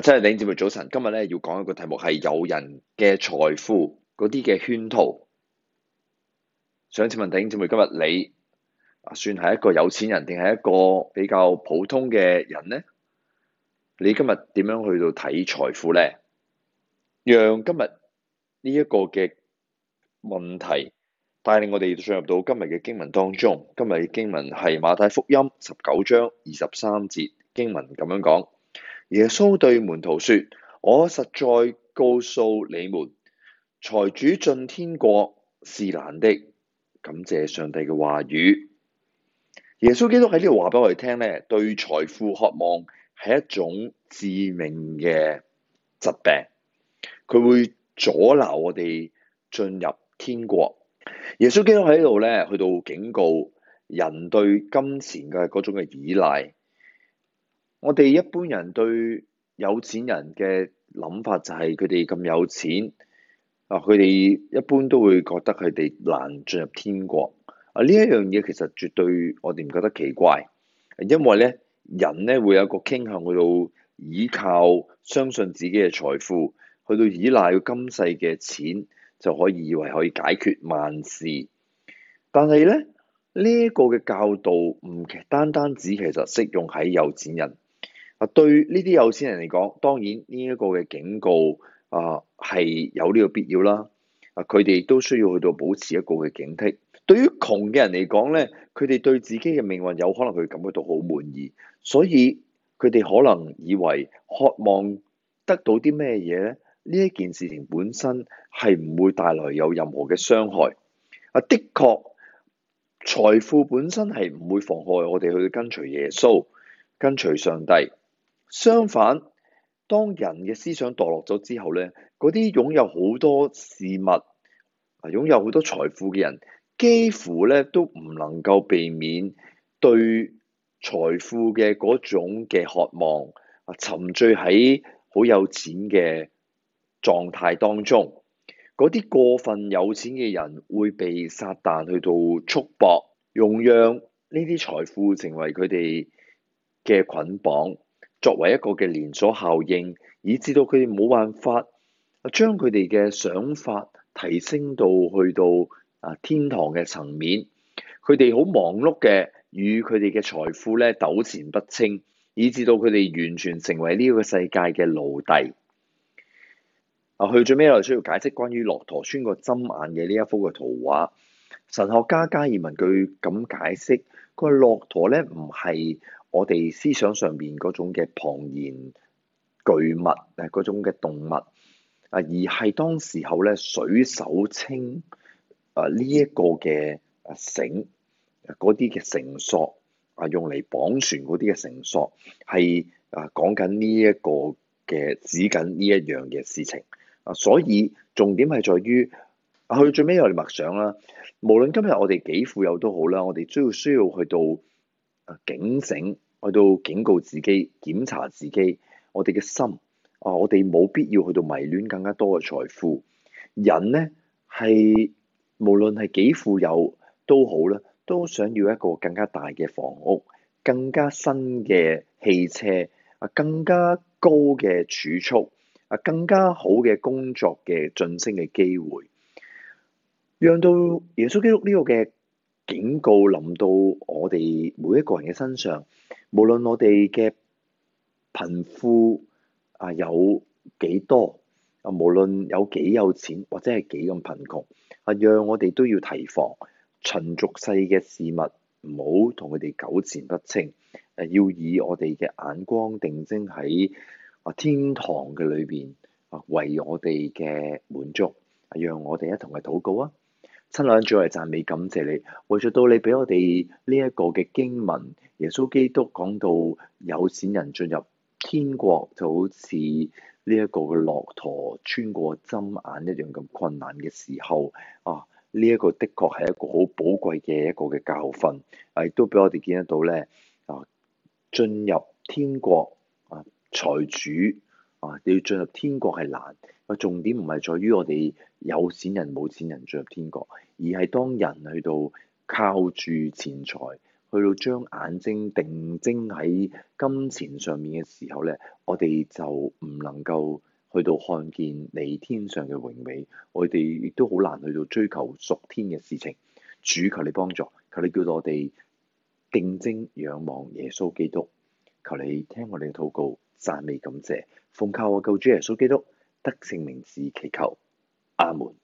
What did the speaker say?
七日，弟兄姊妹早晨。今日咧要講一個題目，係誘人嘅財富嗰啲嘅圈套。想請問弟兄姊妹，今日你算係一個有錢人，定係一個比較普通嘅人呢？你今日點樣去到睇財富咧？讓今日呢一個嘅問題帶領我哋進入到今日嘅經文當中。今日嘅經文係馬太福音十九章二十三節，經文咁樣講。耶穌對門徒說：我實在告訴你們，財主進天國是難的。感謝上帝嘅話語，耶穌基督喺呢度話畀我哋聽咧，對財富渴望係一種致命嘅疾病，佢會阻撓我哋進入天國。耶穌基督喺呢度咧，去到警告人對金錢嘅嗰種嘅依賴。我哋一般人對有錢人嘅諗法就係佢哋咁有錢，啊佢哋一般都會覺得佢哋難進入天國。啊呢一樣嘢其實絕對我哋唔覺得奇怪，因為咧人咧會有個傾向去到依靠、相信自己嘅財富，去到依賴個今世嘅錢就可以以為可以解決萬事。但係咧呢一個嘅教導唔單單只其實適用喺有錢人。啊，對呢啲有錢人嚟講，當然呢一個嘅警告啊係有呢個必要啦。啊，佢哋都需要去到保持一個嘅警惕。對於窮嘅人嚟講呢，佢哋對自己嘅命運有可能佢感覺到好滿意，所以佢哋可能以為渴望得到啲咩嘢呢？呢一件事情本身係唔會帶來有任何嘅傷害。啊，的確，財富本身係唔會妨害我哋去跟隨耶穌、跟隨上帝。相反，當人嘅思想墮落咗之後咧，嗰啲擁有好多事物、擁有好多財富嘅人，幾乎咧都唔能夠避免對財富嘅嗰種嘅渴望，啊沉醉喺好有錢嘅狀態當中。嗰啲過分有錢嘅人會被撒旦去到束縛，用讓呢啲財富成為佢哋嘅捆綁。作為一個嘅連鎖效應，以至到佢哋冇辦法將佢哋嘅想法提升到去到啊天堂嘅層面。佢哋好忙碌嘅，與佢哋嘅財富咧糾纏不清，以至到佢哋完全成為呢個世界嘅奴隸。啊，去最尾我哋需要解釋關於駱駝穿過針眼嘅呢一幅嘅圖畫。神學家加爾文佢咁解釋，個駱駝咧唔係，我哋思想上面嗰種嘅龐然巨物，誒嗰種嘅動物啊，而係當時候咧水手稱啊呢一個嘅啊繩、嗰啲嘅繩索啊，用嚟綁船嗰啲嘅繩索，係啊講緊呢一個嘅，指緊呢一樣嘅事情啊，所以重點係在於啊，去到最尾又嚟默想啦，無論今日我哋幾富有都好啦，我哋都要需要去到。警醒，去到警告自己，檢查自己，我哋嘅心啊！我哋冇必要去到迷戀更加多嘅財富。人呢係無論係幾富有都好啦，都想要一個更加大嘅房屋、更加新嘅汽車、啊更加高嘅儲蓄、啊更加好嘅工作嘅晉升嘅機會，讓到耶穌基督呢個嘅。警告臨到我哋每一個人嘅身上，無論我哋嘅貧富啊有幾多啊，無論有幾有錢或者係幾咁貧窮啊，讓我哋都要提防塵俗世嘅事物，唔好同佢哋糾纏不清。誒，要以我哋嘅眼光定睛喺啊天堂嘅裏邊啊，為我哋嘅滿足，讓我哋一同去禱告啊！親兩主我係讚美感謝你，為咗到你畀我哋呢一個嘅經文，耶穌基督講到有錢人進入天國就好似呢一個嘅駱駝穿過針眼一樣咁困難嘅時候，啊，呢、這個、一,一個的確係一個好寶貴嘅一個嘅教訓，啊，亦都俾我哋見得到咧，啊，進入天國啊，財主。啊！你要進入天國係難。個重點唔係在於我哋有錢人、冇錢人進入天國，而係當人去到靠住錢財，去到將眼睛定睛喺金錢上面嘅時候咧，我哋就唔能夠去到看見你天上嘅榮美。我哋亦都好難去到追求屬天嘅事情。主求你幫助，求你叫到我哋定睛仰望耶穌基督。求你聽我哋嘅禱告。讚美感謝，奉靠我救主耶穌基督得勝名字祈求，阿門。